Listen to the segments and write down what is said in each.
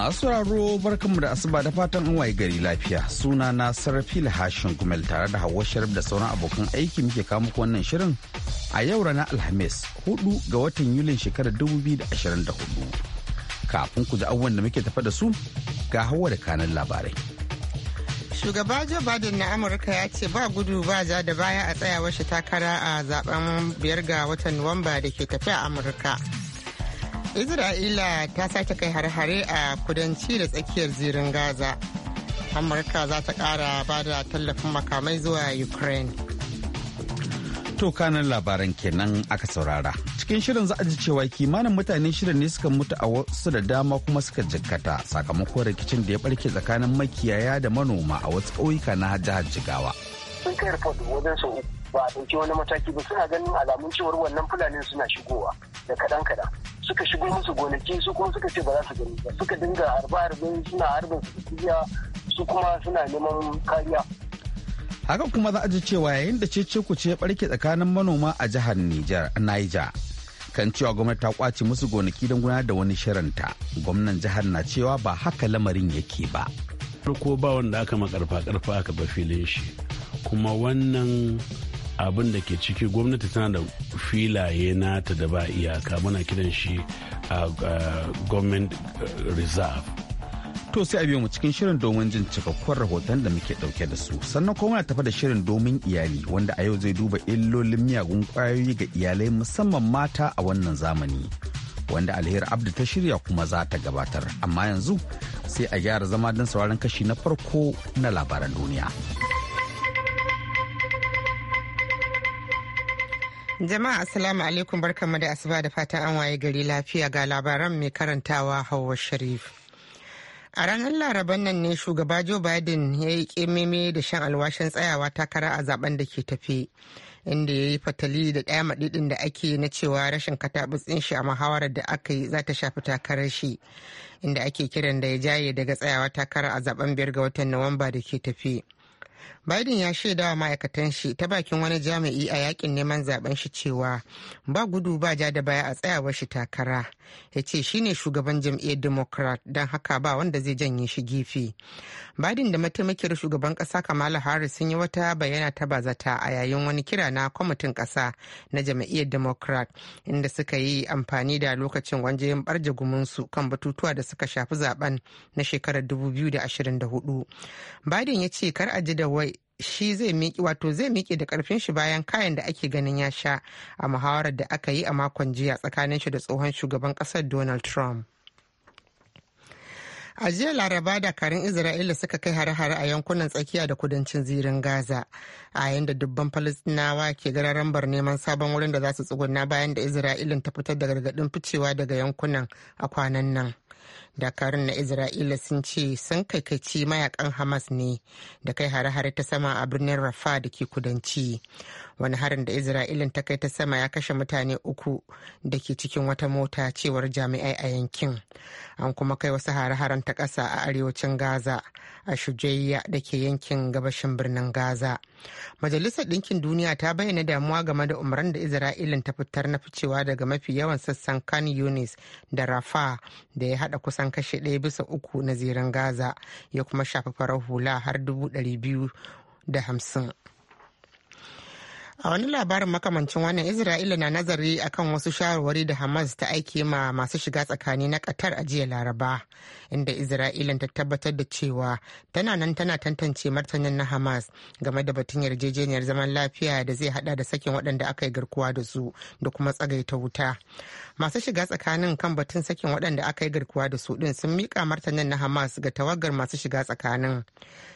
Masu raro barkanmu da asuba da fatan an waye gari lafiya suna na sarrafi hashin gumel tare da hawa sharif da sauran abokan aiki muke kawo muku wannan shirin a yau ranar alhamis 4 ga watan yulin shekarar 2024 kafin ku ji abubuwan da muke tafa da su ga hawa da kanan labarai. Shugaba Joe Biden na Amurka ya ce ba gudu ba ja da baya a tsayawar shi takara a zaben biyar ga watan Nuwamba da ke tafiya Amurka. isra'ila ta sake kai har-hare a kudanci da tsakiyar zirin gaza amurka za ta kara ba da tallafin makamai zuwa ukraine to kanan labaran kenan aka saurara cikin shirin za a ji cewa kimanin mutane shirin ne suka mutu a wasu da dama kuma suka jikkata sakamakon rikicin da ya barke tsakanin makiyaya da manoma a wasu ƙauyuka na jihar jigawa sun kai wajen su ba a ɗauki wani mataki ba suna ganin alamun cewar wannan fulanin suna shigowa da kaɗan-kaɗan suka shigo musu gonaki su kuma suka ce ba za su gani ba suka dinga harbe-harbe suna harbin su su kuma suna neman kariya haka kuma za a ji cewa yayin da cece ku ce barke tsakanin manoma a jihar Nijar Niger kan cewa gwamnati ta kwace musu gonaki don gudanar da wani shirinta gwamnan jihar na cewa ba haka lamarin yake ba farko ba wanda aka makarfa karfa aka ba filin shi kuma wannan abin da ke ciki gwamnati tana da filaye nata da ba iyaka muna kiran shi a government reserve to sai a biyo mu cikin shirin domin jin cikakkun rahoton da muke dauke da su sannan kuma muna tafa da shirin domin iyali wanda a yau zai duba illolin miyagun kwayoyi ga iyalai musamman mata a wannan zamani wanda alheri abdu ta shirya kuma za ta gabatar amma yanzu sai a gyara zama don sauraron kashi na farko na labaran duniya. Jama'a Assalamu alaikum barkanmu da asuba da fatan an waye gari lafiya ga labaran mai karantawa Hauwa Sharif. A ranar Laraban nan ne shugaba Joe Biden ya yi kememe da shan alwashin tsayawa takara a zaben da ke tafe, Inda ya yi fatali da ɗaya maɗiɗin da ake na cewa rashin kataɓutsin shi a muhawarar da aka yi za ta shafi takarar shi. Inda ake kiran da ya jaye daga tsayawa takara a zaben biyar ga watan Nuwamba da ke tafe. Biden ya shaida wa ma'aikatan shi ta bakin wani jami'i a yakin neman zaben shi cewa ba gudu ba ja da baya a tsayawar shi takara. Ya ce shi ne shugaban jam'iyyar Democrat don haka ba wanda zai janye shi gifi. Biden da mataimakiyar shugaban kasa Kamala Harris sun yi wata bayyana ta bazata a yayin wani kira na kwamitin kasa na jam'iyyar Democrat inda suka yi amfani da lokacin wanjayin barje su kan batutuwa da suka shafi zaben na shekarar 2024. Biden ya ce kar a ji da wai shi zai miƙe wato zai miƙe da ƙarfin shi bayan kayan da ake ganin ya sha a muhawarar da aka yi a makon jiya tsakanin shi da tsohon shugaban ƙasar donald trump a jiya laraba dakarun isra'ila suka kai hare-hare a yankunan tsakiya da kudancin zirin gaza a yayin da dubban falistinawa ke gararan bar neman sabon wurin da za su tsuguna bayan da isra'ilin ta fitar da gargaɗin ficewa daga yankunan a kwanan nan dakarun na isra'ila sun ce sun kaikaci mayakan hamas ne da kai hare-hare ta sama a birnin rafa da ke kudanci wani harin da isra'ilin ta kai ta sama ya kashe mutane uku da ke cikin wata mota cewar jami'ai a yankin an kuma kai wasu hare-haren ta ƙasa a arewacin gaza a shujayya da ke yankin gabashin birnin gaza majalisar ɗinkin duniya ta bayyana damuwa game da umaran da isra'ilin ta fitar na ficewa daga mafi yawan sassan kan yunis da rafa da ya haɗa kusan kashe ɗaya bisa uku na zirin gaza ya kuma shafi farar hula har dubu ɗari biyu da hamsin A wani labarin makamancin wannan Isra'ila na nazari akan wasu shawarwari da Hamas ta aike ma masu shiga tsakani na Qatar a jiya Laraba, inda Isra'ila ta tabbatar da cewa tana nan tana tantance martanin na Hamas game da batun yarjejeniyar zaman lafiya da zai hada da sakin waɗanda aka yi garkuwa da su da kuma tsagaita wuta. Masu shiga tsakanin kan batun sakin waɗanda aka yi garkuwa da su din sun miƙa martanin na Hamas ga tawagar masu shiga tsakanin.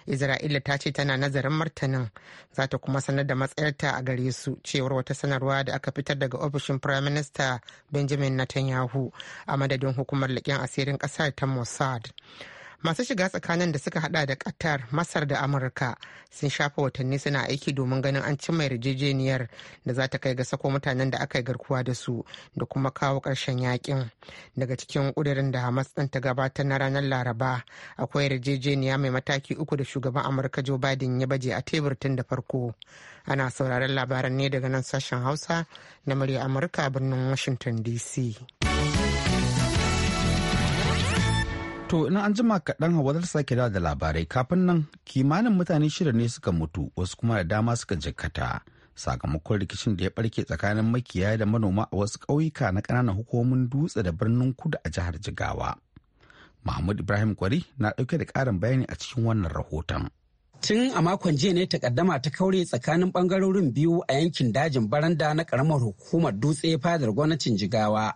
Isra'ila ta ce tana nazarin martanin, za ta kuma sanar da matsayarta a gare su cewar wata sanarwa da aka fitar daga ofishin prime minister benjamin netanyahu a madadin hukumar leƙen asirin ƙasar ta mossad masu shiga tsakanin da suka hada da qatar masar da amurka sun shafa watanni suna aiki domin ganin an cimma yarjejeniyar da za ta kai ga sako mutanen da aka yi garkuwa da su da kuma kawo ƙarshen yakin daga cikin kudirin da hamas din ta gabatar na ranar laraba akwai yarjejeniya mai mataki uku da shugaban amurka joe biden ya baje a tebur tun da farko ana sauraron labaran ne daga nan sashen hausa na murya amurka birnin washington dc To ina an jima kaɗan hawa za sake da labarai kafin nan kimanin mutane shida ne suka mutu wasu kuma da dama suka jikkata sakamakon rikicin da ya barke tsakanin makiyaya da manoma a wasu ƙauyuka na ƙananan hukumomin dutse da birnin kudu a jihar Jigawa. Mahmud Ibrahim Kwari na ɗauke da ƙarin bayani a cikin wannan rahoton. Tun a makon jiya ne takaddama ta kaure tsakanin bangarorin biyu a yankin dajin baranda na ƙaramar hukumar dutse fadar gwamnatin jigawa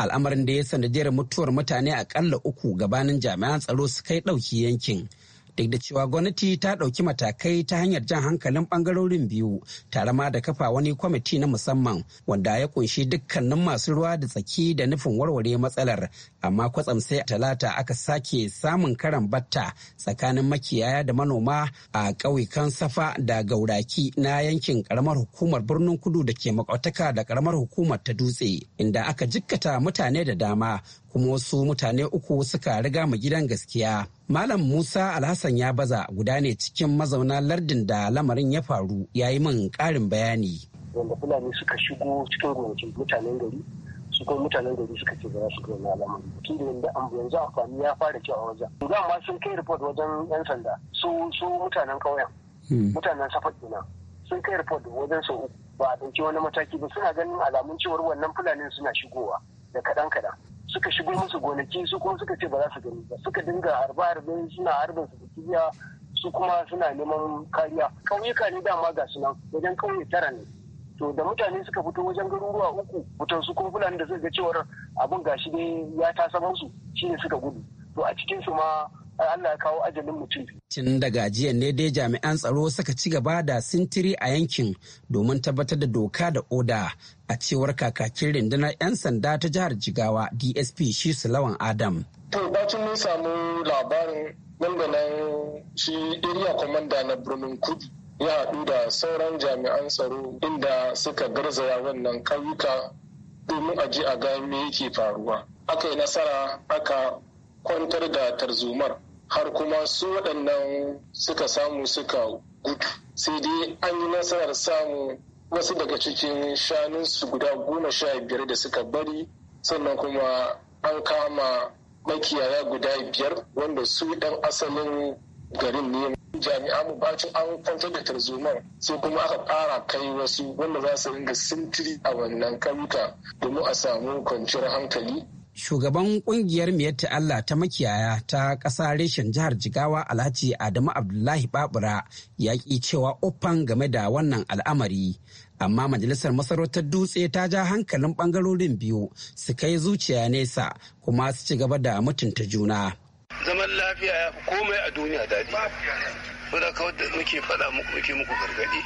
al'amarin da ya sanadiyar mutuwar mutane akalla uku gabanin jami'an tsaro su kai ɗauki yankin duk da cewa gwamnati ta ɗauki matakai ta hanyar jan hankalin ɓangarorin biyu tare ma da kafa wani kwamiti na musamman wanda ya kunshi dukkanin masu ruwa da tsaki da nufin warware matsalar amma kwatsam sai a talata aka sake samun karan batta tsakanin makiyaya da manoma a ƙauyukan safa da gauraki na yankin karamar hukumar birnin kudu da ke makautaka da karamar hukumar ta dutse inda aka jikkata mutane da dama kuma wasu mutane uku suka riga mu gidan gaskiya. Malam Musa Alhassan ya baza guda ne cikin mazauna lardin da lamarin ya faru ya yi min ƙarin bayani. Wanda Fulani suka shigo cikin gonakin mutanen gari, su kai mutanen gari suka ce za su gona lamarin. Tun da yanda an yanzu amfani ya fara cewa wajen. Yanzu amma sun kai report wajen 'yan sanda su su mutanen ƙauyen. Hmm. Mutanen safar gina Sun kai report wajen sau uku ba a ɗauki wani mataki ba suna ganin alamun cewar wannan fulani suna shigowa da kaɗan-kaɗan. suka shigo musu gonaki su kuma suka ce ba za su gani ba suka dinga harba harbe suna harbin su kibiya su kuma suna neman kariya ƙauyuka ne dama ga su nan wajen ƙauye tara ne to da mutane suka fito wajen garuruwa uku fitan su kuma fulani da suka ga cewar abin gashi ne ya tasa musu shine suka gudu to a cikin su ma Allah ya kawo ajalin mutum. Tun daga jiya ne dai jami'an tsaro suka ci gaba da sintiri a yankin domin tabbatar da doka da oda a cewar kakakin rundunar 'yan sanda ta jihar Jigawa DSP shi Lawan Adam. To bacin mun samu labarin dangane shi area commander na birnin kudu ya haɗu da sauran jami'an tsaro inda suka garzaya wannan ƙauyuka domin a ji a ga me yake faruwa. Aka yi nasara aka kwantar da tarzomar har kuma su waɗannan suka samu suka gudu sai dai an yi nasarar samu wasu daga cikin shanunsu guda goma sha biyar da suka bari sannan kuma an kama makiyaya guda biyar wanda su ɗan asalin garin ne jami'an bacin an kwantar da tarzoman sai kuma aka ƙara kai wasu wanda za su ringa sintiri a wannan da domin a samu kwanciyar hankali shugaban kungiyar miyatta Allah ta makiyaya ta ƙasa reshen jihar Jigawa Alhaji Adamu Abdullahi Babura ya ƙi cewa ofan game da wannan al'amari. Amma majalisar masarautar dutse ta ja hankalin ɓangarorin biyu su kai zuciya nesa kuma su ci gaba da mutunta juna. Zaman lafiya ya fi komai a duniya daɗi. so da kawai da muke faɗa muku muke muku gargaɗi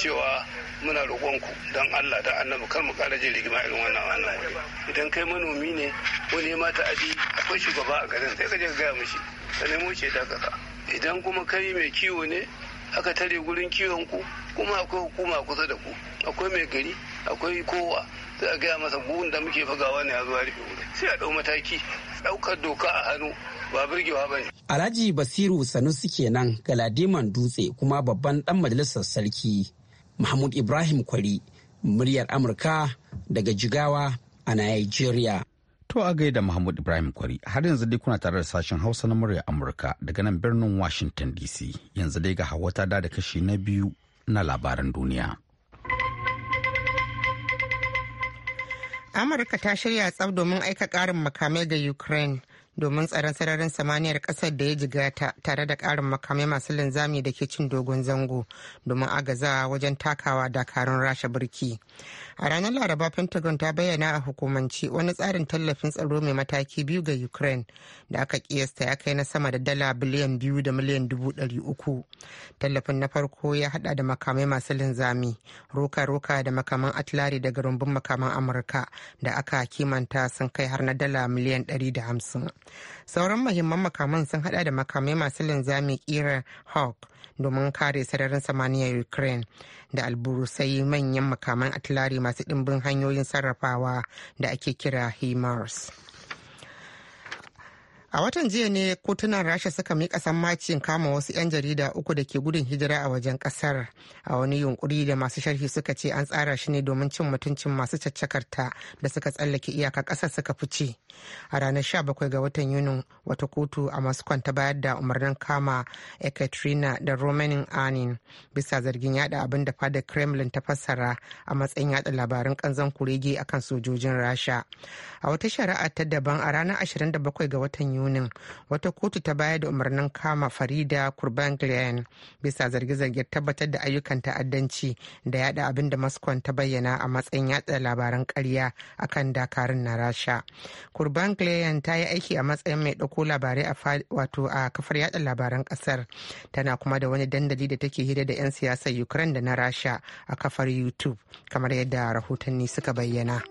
cewa muna roƙonku don Allah da annabi kar mu ƙara jin rigima irin wannan wannan idan kai manomi ne ko ne mata aji akwai shugaba a garin sai ka je ka gaya mishi ka nemo ce da ka idan kuma kai mai kiwo ne aka tare gurin kiwon ku kuma akwai hukuma kusa da ku akwai mai gari akwai kowa sai a gaya masa buhun da muke bugawa ne a zuwa rufe sai a ɗau mataki ɗaukar doka a hannu ba birgewa ba ne. Alhaji Basiru Sanusi kenan Galadiman Dutse kuma babban ɗan majalisar sarki Mahmud Ibrahim Kwari muryar Amurka daga Jigawa a Nigeria. To a gaida Mahmud Ibrahim Kwari har yanzu dai kuna tare da sashen Hausa na murya Amurka daga nan birnin Washington DC yanzu dai ga hawa ta da kashi na biyu na labaran duniya. Amurka ta shirya tsab domin aika ƙarin makamai ga Ukraine. domin tsaron sararin samaniyar kasar da ya jigata tare da karin makamai masu linzami da ke cin dogon zango domin agazawa wajen takawa dakarun rasha birki a ranar laraba pentagon ta bayyana a hukumance wani tsarin tallafin tsaro mai mataki biyu ga ukraine da aka kiyasta ya kai na sama da dala biliyan biyu da miliyan dubu dari uku tallafin na farko ya hada da makamai masu linzami roka-roka da makaman atlari daga rumbun makaman amurka da aka kimanta sun kai har na dala miliyan ɗari da hamsin sauran mahimman makaman sun hada da makamai masu linzami kirar hawk domin kare sararin samaniyar ukraine da alburusai manyan makaman atilari masu dimbin hanyoyin sarrafawa da ake kira himars A watan jiya ne kotunan Rasha suka miƙa sammacin kama wasu 'yan jarida uku da ke gudun hijira a wajen kasar. a wani yunkuri da masu sharhi suka ce an tsara shi ne domin cin mutuncin masu caccakarta da suka tsallake iyaka ƙasar suka fice. A ranar 17 ga watan Yunin wata kotu a Moscow ta bayar da umarnin kama Ekaterina da Romanin Anin bisa zargin yada abin da fadar Kremlin ta fassara a matsayin yada labarin kanzan kurege akan sojojin Rasha. A wata shari'a ta daban a ranar 27 ga watan yunin wata kotu ta bayar da umarnin kama farida kurban glen bisa zarge-zarge tabbatar da ayyukan ta'addanci da yada abin da moscow ta bayyana a matsayin yatsa labaran karya akan dakarun na rasha kurban glen ta yi aiki a matsayin mai ɗauko labarai a kafar yada labaran ƙasar tana kuma da wani dandali da take hira da 'yan siyasar ukraine da na rasha a kafar youtube kamar yadda rahotanni suka bayyana.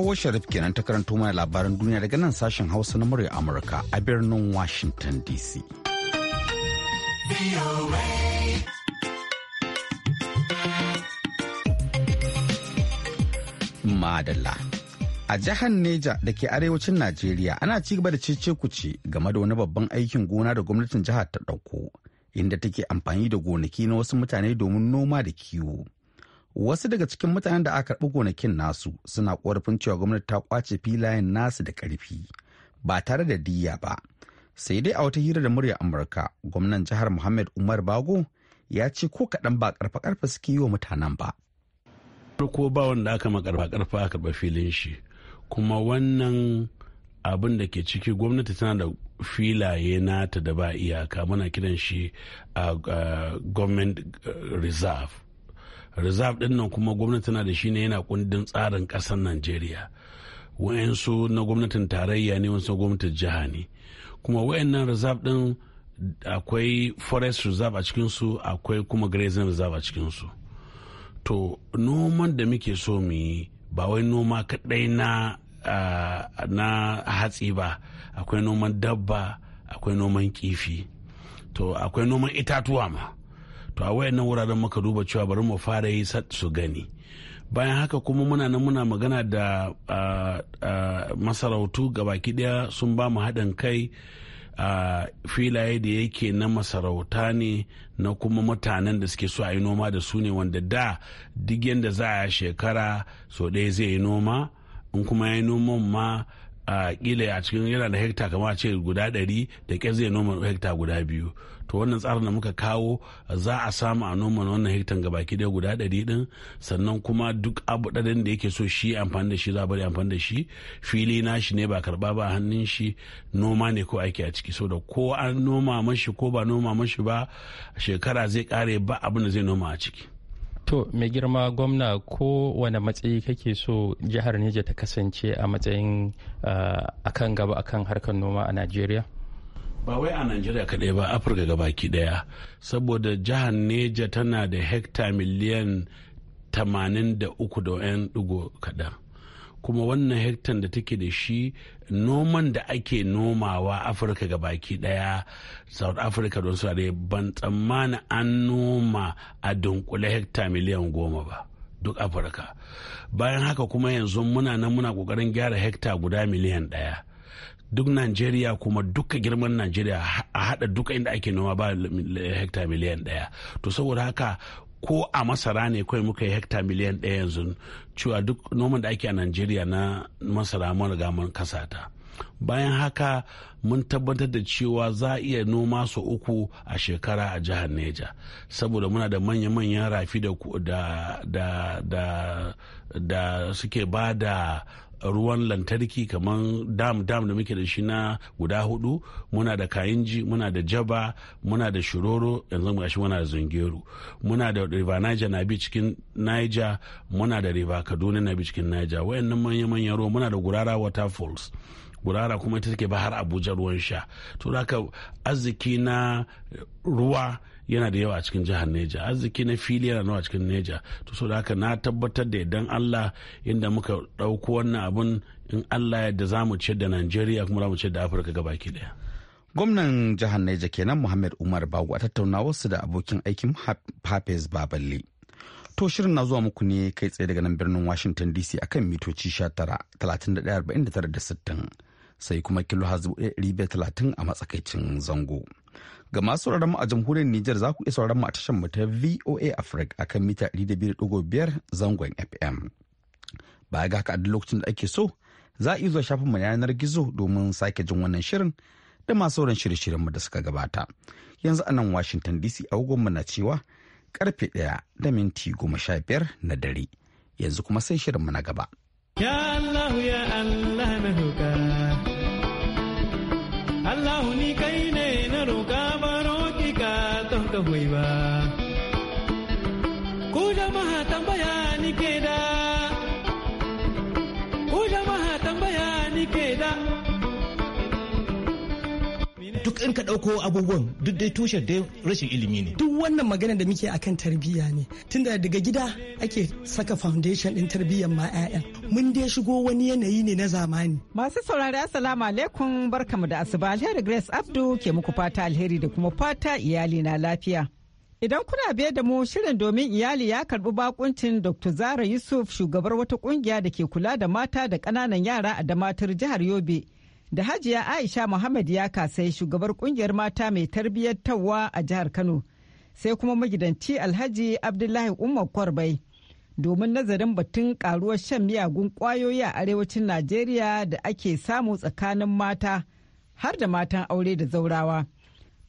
Kawo Sharif kenan ta karanto mana labaran duniya daga nan sashen Hausa na murya Amurka a birnin Washington DC. Madalla. A jihar Neja da ke arewacin Najeriya ana ci gaba da cece kuce game da wani babban aikin gona da gwamnatin jihar ta ɗauko, inda take amfani da gonaki na wasu mutane domin noma da kiwo. wasu daga cikin mutanen da aka karɓi gonakin nasu suna korafin cewa gwamnati ta kwace filayen nasu da ƙarfi ba tare da diya ba sai dai a wata hira da murya amurka gwamnan jihar muhammad umar bago ya ce ko kaɗan ba ƙarfa-ƙarfa suke yi wa mutanen ba farko ba wanda aka makarfa-ƙarfa aka karɓa filin shi kuma wannan abin da ke ciki gwamnati tana da filaye nata da ba iyaka muna kiran shi a government eh, reserve reserve din nan kuma gwamnati na da shi ne yana kundin tsarin kasar najeriya wayansu na gwamnatin tarayya ne wasu gwamnatin jiha ne kuma wayannan reserve din akwai forest reserve a cikinsu akwai kuma grazing reserve a cikinsu to noman da muke so mu yi ba wai noma kaɗai na na hatsi ba akwai noman dabba akwai noman kifi to akwai noman itatuwa ma to a wayannan wuraren muka duba cewa bari mu fara yi su gani bayan haka kuma muna nan muna magana da masarautu gabaki daya sun ba mu haɗin kai a filaye da yake na masarauta ne na kuma mutanen da suke so a yi noma da su ne wanda da duk yadda za a shekara so ɗaya zai yi noma in kuma ya yi noman ma a kila a cikin yana da hekta kama ce guda ɗari da ƙyar zai noma hekta guda biyu to wannan tsarin da muka kawo za a samu a noma wannan ga baki ɗaya guda ɗari ɗin sannan kuma duk abu ɗaɗin da yake so shi amfani da shi za a bari amfani da shi fili na shi ne ba karɓa ba hannun shi noma ne ko aiki a ciki so da ko an noma mashi ko ba noma mashi ba shekara zai kare ba abin da zai noma a ciki. To mai girma gwamna ko wane matsayi kake so jihar neja ta kasance a matsayin eh, akan gaba akan harkar noma a Najeriya? Ba wai a Najeriya kaɗai ba Afirka gabaki ɗaya saboda jihar neja tana da hekta miliyan 83 da 'yan kaɗan. kuma wannan hektar da take da shi noman da ake nomawa afirka ga baki daya south africa don sare ban tsammani an noma a dunkule hekta miliyan goma ba duk afirka bayan haka kuma yanzu muna nan muna kokarin gyara hekta guda miliyan daya duk Najeriya kuma duka girman Najeriya a hada duka inda ake noma ba hekta miliyan daya to saboda haka ko a masara ne kawai muka yi hekta miliyan ɗaya yanzu cewa duk noman da ake a najeriya na masara mun riga mun kasata bayan haka mun tabbatar da cewa za a iya noma su uku a shekara a jihar neja saboda muna da manya-manyan rafi da suke ba da ruwan lantarki kamar dam dam da muke da shi na guda hudu muna da kayinji muna da jaba muna da shiroro yanzu gashi muna da zungeru muna da river niger na bi cikin niger muna da river kaduna na bi cikin niger wayannan manya-manyan ruwa muna da gurara waterfalls gurara kuma ita take ba har abuja ruwan sha to haka arziki na ruwa yana da yawa a cikin jihar neja arziki na fili yana nawa a cikin neja to so da haka na tabbatar da idan allah inda muka ɗauko wannan abun in allah yadda za mu ciyar da najeriya kuma za mu ciyar da afirka gabaki daya gwamnan jihar neja kenan muhammad umar bago a tattaunawarsu da abokin aikin papes baballe to shirin na zuwa muku ne kai tsaye daga nan birnin washington dc akan mitoci 19 31 talatin da 60 sai kuma kilo talatin a matsakaicin zango. Ga masu sauraron mu a jamhuriyar Nijar za ku iya sauraron mu a tashar mu ta VOA Africa akan mita 200.5 zangon FM. Baya ga haka a duk lokacin da ake so za a yi zuwa shafin mu yanar gizo domin sake jin wannan shirin da masu sauran shirye-shiryen mu da suka gabata. Yanzu a nan Washington DC agogon mu na cewa karfe 1 da minti goma sha biyar na dare. Yanzu kuma sai shirin mu na gaba. Ya Allah ya Allah na allahu ni kai ne na roƙa baro ki ka don ka ba. Ku jama'a tambaya ni ke da in ka ɗauko abubuwan duk dai tushen dai rashin ilimi ne. Duk wannan magana da muke akan tarbiyya ne. Tunda daga gida ake saka foundation din tarbiyyar ma 'ya'yan. Mun dai shigo wani yanayi ne na zamani. Masu saurari assalamu alaikum barkamu da asuba alheri Grace Abdu ke muku fata alheri da kuma fata iyali na lafiya. Idan kuna biye da mu shirin domin iyali ya karbi bakuncin Dr. Zara Yusuf shugabar wata kungiya da ke kula da mata da kananan yara a damatar jihar Yobe. da hajiya aisha muhammad ya kasai shugabar kungiyar mata mai tarbiyyar tawa a jihar kano sai kuma magidanci alhaji abdullahi umar kwarbai domin nazarin batun karuwar shan miyagun kwayoyi a arewacin najeriya da ake samu tsakanin mata har da matan aure da zaurawa.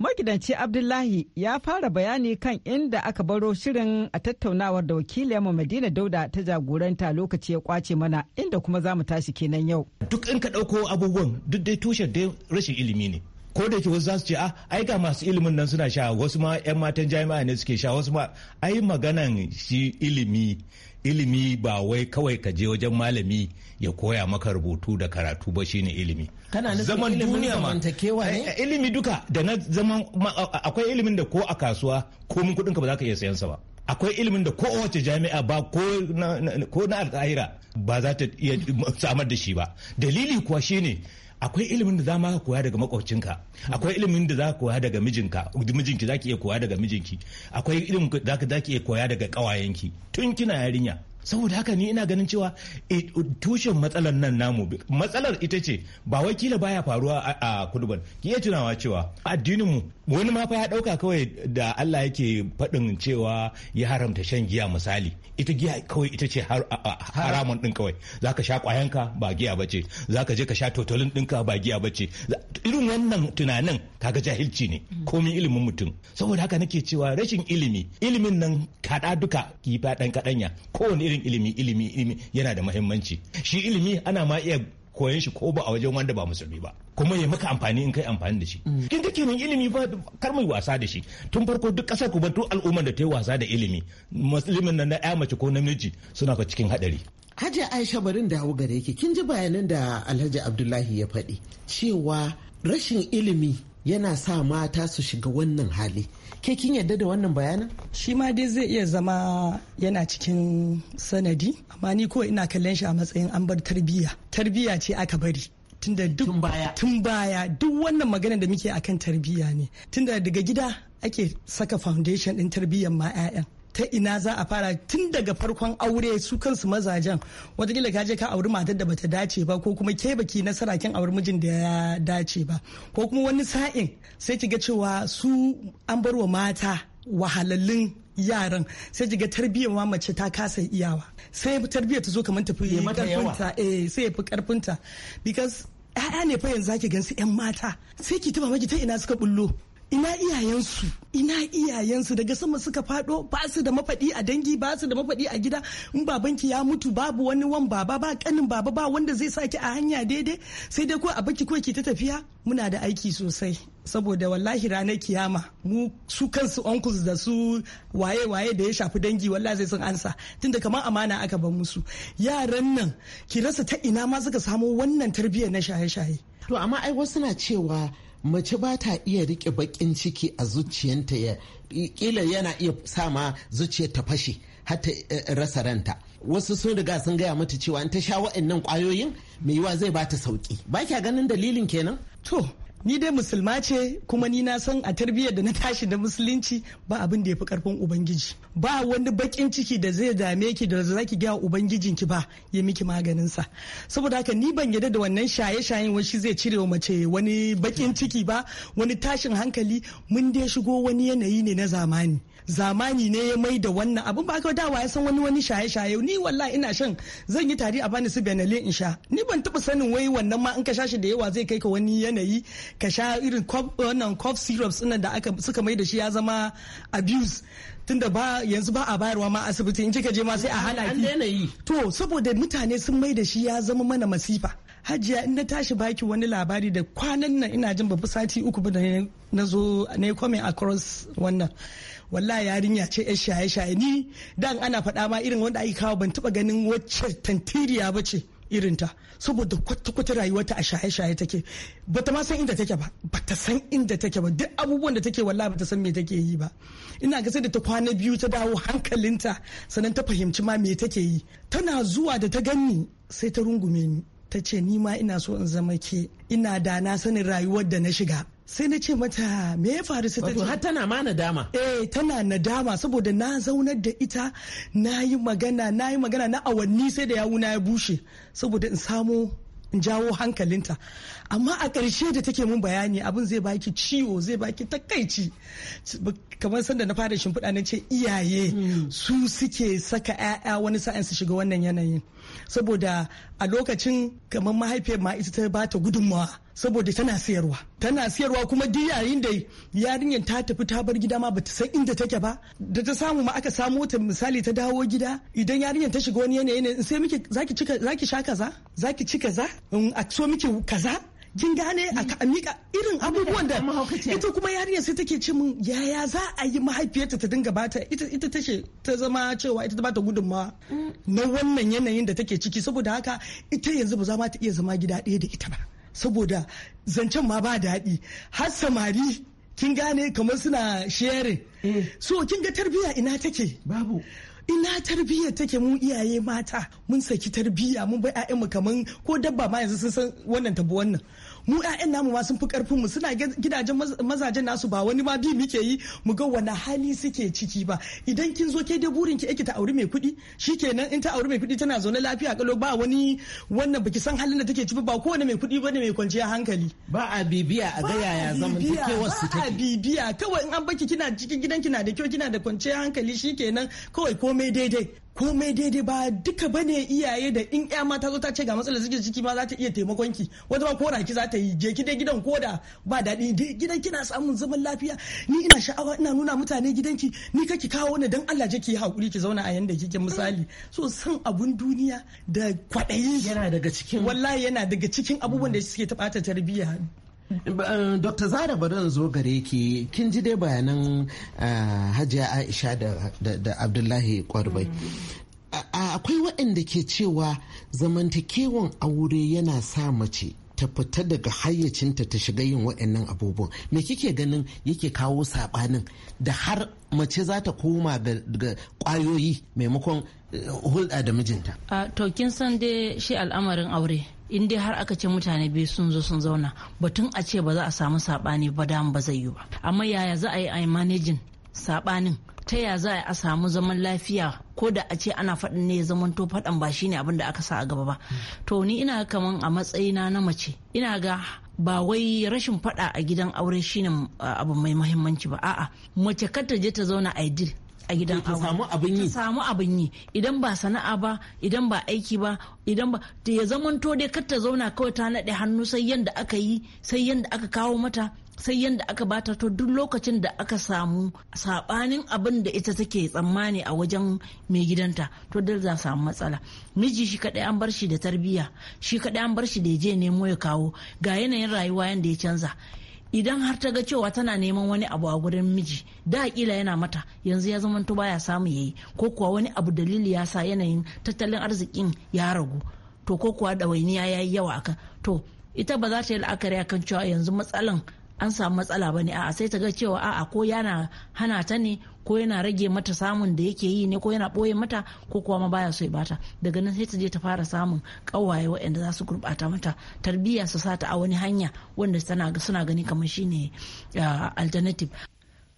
magidanci abdullahi ya fara bayani kan inda aka baro shirin a tattaunawar da wakiliyarmu madina dauda ta jagoranta lokaci ya kwace mana inda kuma za mu tashi kenan yau duk in ka ɗauko abubuwan duk dai tushen dai rashin ilimi ne ko da ke wasu za su ce ah ai ga masu ilimin nan suna sha wasu ma yan matan jami'a ne suke sha wasu ma ai maganan shi ilimi ilimi ba wai kawai ka je wajen malami ya koya maka rubutu da karatu ba shine ilimi kana zaman duniya ma eh, eh, ilimi duka da na zaman akwai ilimin da ko a kasuwa ko mun kudin ka ba za ka iya sayan sa ba akwai ilimin da ko wace jami'a ba ko na alkahira ba za ta iya samar da shi ba dalili kuwa shine akwai ilimin da za ma koya daga makwabcinka akwai ilimin da za ka koya daga mijinka mijinki za ki iya koya daga mijinki akwai ilimin da za ki iya koya daga kawayenki tun kina yarinya saboda haka ni ina ganin cewa eh, tushen matsalar nan namu matsalar ita ce ba wakila kila baya faruwa a kudu ba ki iya tunawa cewa addinin mu wani ma fa ya dauka kawai da Allah yake faɗin cewa ya haramta shan giya misali ita giya kawai ita ce haramun din kawai zaka sha kwayanka ba giya bace zaka je ka sha totolin dinka ba giya bace irin wannan tunanin kaga jahilci ne mm. komai ilimin mutum saboda haka nake cewa rashin ilimi ilimin nan kada duka ki fadan kadanya kowane irin ilimi ilimi ilimi yana da mahimmanci shi ilimi ana ma iya koyan shi ko ba a wajen wanda ba musulmi ba kuma ya maka amfani in kai amfani da shi mm. kin kake nan ilimi ba kar mai wasa da shi tun farko duk kasar ku ba duk al'ummar da ta yi wasa da ilimi musulmin nan na ya mace ko namiji suna ka cikin hadari Hajji Aisha barin dawo gare ki kin ji bayanan da Alhaji Abdullahi ya faɗi cewa rashin ilimi yana sa mata su shiga wannan hali ke kin yadda da wannan bayanin shi ma dai zai iya zama yana cikin sanadi amma ni ko ina kallon shi a matsayin an bar tarbiyya tarbiyya ce aka bari tunda duk tun baya duk wannan magana da muke akan tarbiyya ne tunda daga gida ake saka foundation din tarbiyyar ma 'ya'yan ta ina za a fara tun daga farkon aure su kansu mazajen watakila ka je ka auri matar da bata dace ba ko kuma ke baki nasara kin auri mijin da ya dace ba ko kuma wani sa'in sai ki ga cewa su an bar wa mata wahalallun yaran sai ki ga tarbiyyar ma mace ta kasa iyawa sai tarbiyyar ta zo kamar tafi karfinta eh sai fi karfinta because ya'ya ne fa yanzu zaki gan su yan mata sai ki tuba maki ta ina suka bullo ina iyayensu ina iyayensu daga sama suka fado ba su da mafaɗi a dangi ba su da mafaɗi a gida in babanki ya mutu babu wani wan baba ba kanin baba ba wanda zai saki a hanya daidai sai dai ko a baki ko ki ta tafiya muna da aiki sosai saboda wallahi ranar kiyama mu su kansu uncles da su waye waye da ya shafi dangi wallahi zai san ansa tunda kamar amana aka bar musu yaran nan ki rasa ta ina ma suka samo wannan tarbiyyar na shaye-shaye To amma ai wasu na cewa mace ba ta iya rike bakin ciki a zuciyanta ya kila yana iya sama zuciyar ta fashe har ta eh, eh, rasa ranta wasu sun riga sun gaya mata cewa in ta sha wa'annan kwayoyin mai yiwa zai bata sauki ba ganin dalilin kenan to ni dai musulma ce kuma ni na san a tarbiyyar da na tashi da musulunci ba abin da ya fi karfin ubangiji ba wani bakin ciki da zai dame ki da za ki gaya ubangijinki ba ya miki maganinsa saboda haka ni ban yarda da wannan shaye-shayen wani zai cire wa mace wani bakin ciki ba wani tashin hankali mun dai shigo wani yanayi ne na zamani zamani ne ya mai da wannan abin ba ka dawa ya san wani wani shaye shaye ni wallahi ina shan zan yi tari a bani su benale in sha ni ban taba sanin wai wannan ma in ka sha shi da yawa zai kai ka wani yanayi ka sha irin wannan cough syrups sunan da aka suka mai da shi ya zama abuse tunda ba yanzu ba a bayarwa ma asibiti in kika je ma sai a hana ki to saboda mutane sun mai da shi ya zama mana masifa hajiya in na tashi baki wani labari da kwanan nan ina jin babu sati uku da na zo na yi across wannan wallahi yarinya ce yan shaye shaye ni dan ana faɗa ma irin wanda ake kawo ban taba ganin wacce tantiriya ba ce irinta saboda kwata-kwata rayuwarta a shaye-shaye take bata ma san inda take ba bata san inda take ba duk abubuwan da take wallahi bata san me take yi ba ina ga sai da ta kwana biyu ta dawo hankalinta sannan ta fahimci ma me take yi tana zuwa da ta ganni sai ta rungume ni ta ce ni ma ina so in zama ke ina da na sanin rayuwar da na shiga sai na ce mata me ya faru sai ta ce har tana ma nadama eh tana nadama saboda na zaunar da ita na yi magana na yi magana na awanni sai da yawuna ya bushe saboda in samo in jawo hankalinta amma a ƙarshe da take mun bayani abin zai baki ciwo zai baki takaici kamar sanda na fara shimfiɗa na ce iyaye hmm. su suke saka 'ya'ya wani sa'an su shiga wannan yanayin saboda a lokacin kamar mahaifiyar ma ita ta bata gudunmawa saboda tana sayarwa tana sayarwa kuma duk yayin da yarinyar ta tafi ta bar gida ma bata san inda take ba da ta samu ma aka samo ta misali ta dawo gida idan yarinyar ta shiga wani yanayi ne sai miki zaki cika zaki sha kaza zaki ci kaza a so miki kaza kin gane a mika irin abubuwan da ita kuma yarinyar sai take ce min yaya za a yi mahaifiyarta ta dinga bata ita ita tace ta zama cewa ita ta bata gudunmawa na wannan yanayin da take ciki saboda haka ita yanzu ba za ma ta iya zama gida ɗaya da ita ba saboda zancen ma ba daɗi har samari kin gane kamar suna sharing eh. so kin ga tarbiyya ina take babu ina tarbiyya take mu iyaye mata mun saki tarbiyya mun bai mu kaman ko dabba ma yanzu sun san wannan tabu wannan mu 'ya'yan namu ma sun fi karfin mu suna gidajen mazajen nasu ba wani ma bi muke yi mu ga wani hali suke ciki ba idan kin zo ke dai burin ki ake ta auri mai kuɗi shikenan in ta auri mai kuɗi tana zaune lafiya kalo ba wani wannan baki san halin da take ciki ba kowane mai kuɗi bane mai kwanciya hankali ba a bibiya a ga yaya zamantakewar su take ba a bibiya kawai in an baki kina cikin gidan kina da kyau kina da kwanciya hankali shikenan kawai komai daidai komai daidai ba duka bane iyaye da in ya mata zo ta ce ga matsalar suke ciki ma za ta iya taimakonki ki wata ko kora ki za ta yi je ki dai gidan da ba daɗi gidan kina samun zaman lafiya ni ina sha'awa ina nuna mutane gidanki ni kake kawo ni dan Allah je ki hakuri ki zauna a yanda kike misali so san abun duniya da kwaɗayi yana daga cikin wallahi yana daga cikin abubuwan da suke taɓata tarbiyya Eh, Dokta Zara bari zo gare ki kin ji dai bayanan eh, Hajiya Aisha da Abdullahi Kwarbai. Mm-hmm. Akwai waɗanda ke cewa zamantakewan aure yana sa mace ta fita daga hayyacinta ta shiga yin waɗannan abubuwan me kike ganin yake kawo saɓanin da har mace za ta koma ga ƙwayoyi maimakon eh, hulɗa da mijinta ah, to kin san dai shi al'amarin aure in dai har aka ce mutane biyu sun zo sun zauna batun a ce ba za a samu saɓani ba da ba zai yi ba amma yaya za a yi a manajin saɓanin ta ya za a samu zaman lafiya ko da a ce ana faɗin ne zaman to faɗan ba shine abin da aka sa a gaba ba to ni ina kaman a matsayina na mace ina ga ba wai rashin faɗa a gidan aure shine uh, abu mai mahimmanci ba a'a mace kar ta je ta zauna a a gidan aure samu abin yi samu abin yi idan ba sana'a ba idan ba aiki ba idan ba da ya to dai kar ta zauna kawai ta naɗe hannu sai yanda aka yi sai yanda aka kawo mata sai yadda aka bata to duk lokacin da aka samu sabanin abin da ita take tsammani a wajen mai gidanta to dal za samu matsala miji shi kadai an bar shi da tarbiyya shi kadai an bar shi da je nemo ya kawo ga yanayin rayuwa yanda ya canza idan har ta ga cewa tana neman wani abu a gurin miji da kila yana mata yanzu ya zama to baya samu yayi ko kuwa wani abu dalili ya sa yanayin tattalin arzikin ya ragu to ko kuwa ɗawainiya ya yi yawa akan to ita ba za ta yi la'akari akan cewa yanzu matsalan an samu matsala ba ne a'a sai ta ga cewa a'a ko yana hana ta ne ko yana rage mata samun da yake yi ne ko yana ɓoye mata ko kuwa ma baya so ya bata daga nan sai ta je ta fara samun ƙawaye waɗanda za su gurɓata mata tarbiyya su ta a wani hanya wanda suna gani kamar shi ne alternative.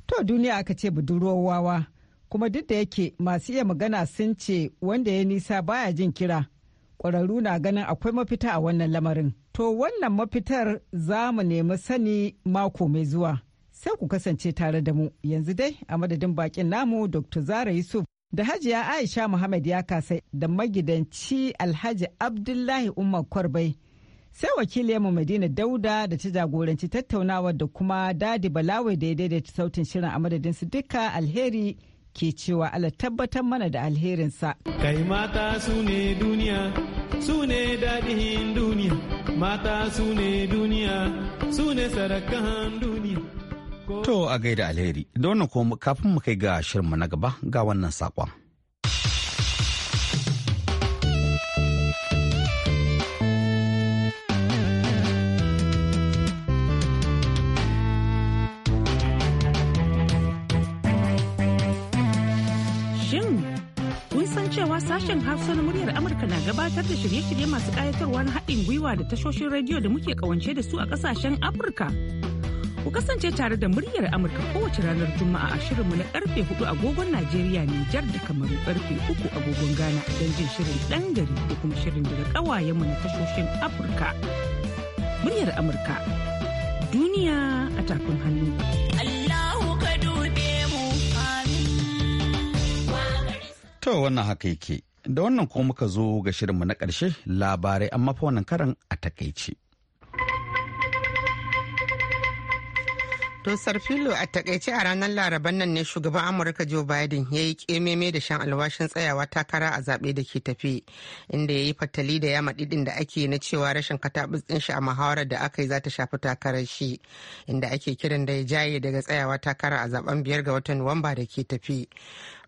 To duniya aka ce budurwar wawa kuma duk da yake masu iya magana sun ce wanda ya nisa baya jin kira ƙwararru na ganin akwai mafita a wannan lamarin. To wannan mafitar za mu nemi sani mako mai zuwa. Sai ku kasance tare da mu yanzu dai a madadin bakin namu Dr. Zara Yusuf da Hajiya Aisha Muhammad ya kasai da magidanci Alhaji Abdullahi Umar Kwarbai. Sai wakiliyarmu Madina Dauda da ta jagoranci tattaunawa da kuma Dadi balawai da ya daidaita sautin shirin a madadin su duka alheri ke cewa Ala tabbatar mana da alherinsa. Kai mata su ne duniya, su ne dadihin duniya. mata su ne duniya su ne sarakan duniya to a gaida alheri da wannan kafin mu kai ga shirinmu na gaba ga wannan sakon Shin cewa sashen Hausa na muryar Amurka na gabatar da shirye-shirye masu kayatarwa na haɗin gwiwa da tashoshin rediyo da muke kawance da su a ƙasashen Afirka. Ku kasance tare da muryar Amurka kowace ranar Juma'a a shirinmu na karfe 4 agogon Najeriya Nijar da Kamaru karfe 3 agogon Ghana don jin shirin ɗan gari da kuma shirin daga ƙawayenmu na tashoshin Afirka. Muryar Amurka. Duniya a tafin hannu. To wannan haka yake. Da wannan kuma muka zo ga shirinmu na ƙarshe labarai amma fa wannan karan a takaice. To Sarfilo a takaice a ranar laraban nan ne shugaban Amurka Joe Biden ya yi kememe da shan alwashin tsayawa takara a zaɓe da ke tafi inda ya yi fatali da yama ɗiɗin da ake na cewa rashin katabus ɗin shi a muhawarar da aka yi za ta shafi takarar shi inda ake kiran da ya jaye daga tsayawa takara a zaben biyar ga watan Nuwamba da ke tafi.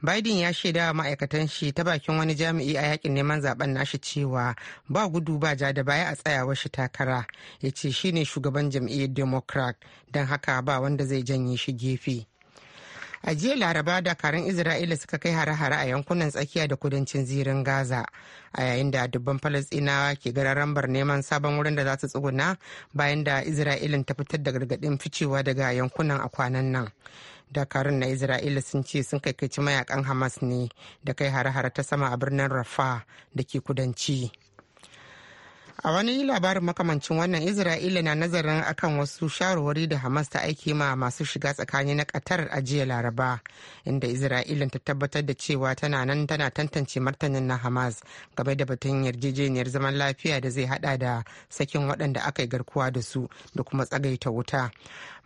Biden ya shaida wa ma'aikatan shi ta bakin wani jami'i a yakin neman zaben nashi cewa ba gudu ba ja da baya a tsayawa shi takara ya ce shine shugaban jam'iyyar Democrat don haka ba wanda zai janye shi gefe. a jiya laraba dakarun isra'ila suka kai hare-hare a yankunan tsakiya da kudancin zirin gaza a yayin da dubban Falasɗinawa ke gararambar neman sabon wurin da za su tsuguna bayan da isra'ilin ta fitar da gargaɗin ficewa daga yankunan a kwanan nan dakarun na isra'ila sun ce sun kaikaici mayakan hamas ne da kai hare-hare ta sama a birnin rafa da ke kudanci a wani labarin makamancin wannan isra'ila na nazarin akan wasu shawarwari da hamas ta aiki ma masu shiga tsakani na qatar a jiya laraba inda isra'ila ta tabbatar da cewa tana nan tana tantance martanin na hamas game da batun yarjejeniyar zaman lafiya da zai hada da sakin waɗanda aka yi garkuwa da su da kuma tsagaita wuta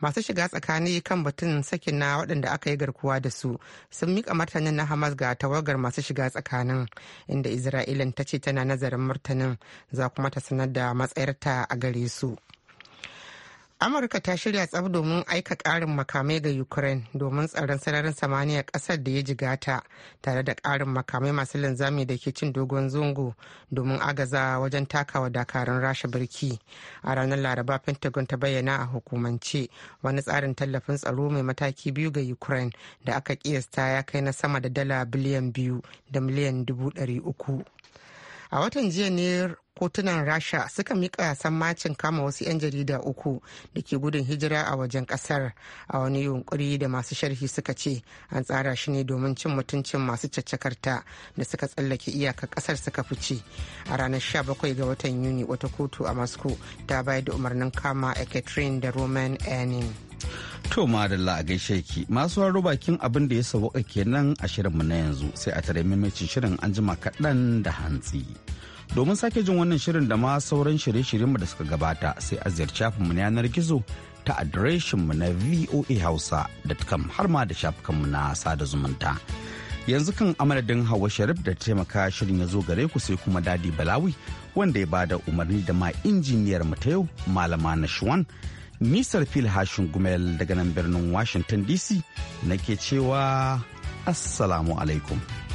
masu shiga tsakani kan batun sakin na waɗanda aka yi garkuwa da su sun mika martanin na hamas ga tawagar masu shiga tsakanin inda isra'ila ta ce tana nazarin martanin za kuma ta sanar da matsayarta a gare su amurka ta shirya tsab domin aika karin makamai ga ukraine domin tsaron sararin samaniya kasar da ya jigata tare da karin makamai masu linzami da ke cin dogon zungu domin agaza wajen takawa dakarun rasha birki a ranar laraba pentagon ta bayyana a hukumance wani tsarin tallafin tsaro mai mataki biyu ga ukraine da aka kiyasta ya kai na sama da dala biliyan biyu da miliyan dubu ɗari uku a watan jiya ne kotunan rasha suka mika sammacin kama wasu 'yan jarida uku da ke gudun hijira a wajen kasar a wani yunkuri da masu sharhi suka ce an tsara shi ne domin cin mutuncin masu caccakarta da suka tsallake iyaka kasar suka fice a ranar 17 ga watan yuni wata kotu a moscow ta bayar da umarnin kama catherine da roman enin To madalla a gaishe ki masu haro bakin abin da ya sauka kenan a mu na yanzu sai a tare maimacin shirin an jima kaɗan da hantsi. Domin sake jin wannan shirin da ma sauran shirye-shiryenmu da suka gabata sai a ziyarci shafinmu na yanar gizo ta adireshinmu na voahausa.com har ma da shafukanmu na sada zumunta. Yanzu kan amadadin Hawa Sharif da taimaka shirin ya zo gare ku sai kuma Dadi Balawi wanda ya ba da umarni da ma injiniyar mu ta yau Malama shuwan Nisar fil hashin gumel daga nan birnin Washington DC nake cewa Assalamu alaikum.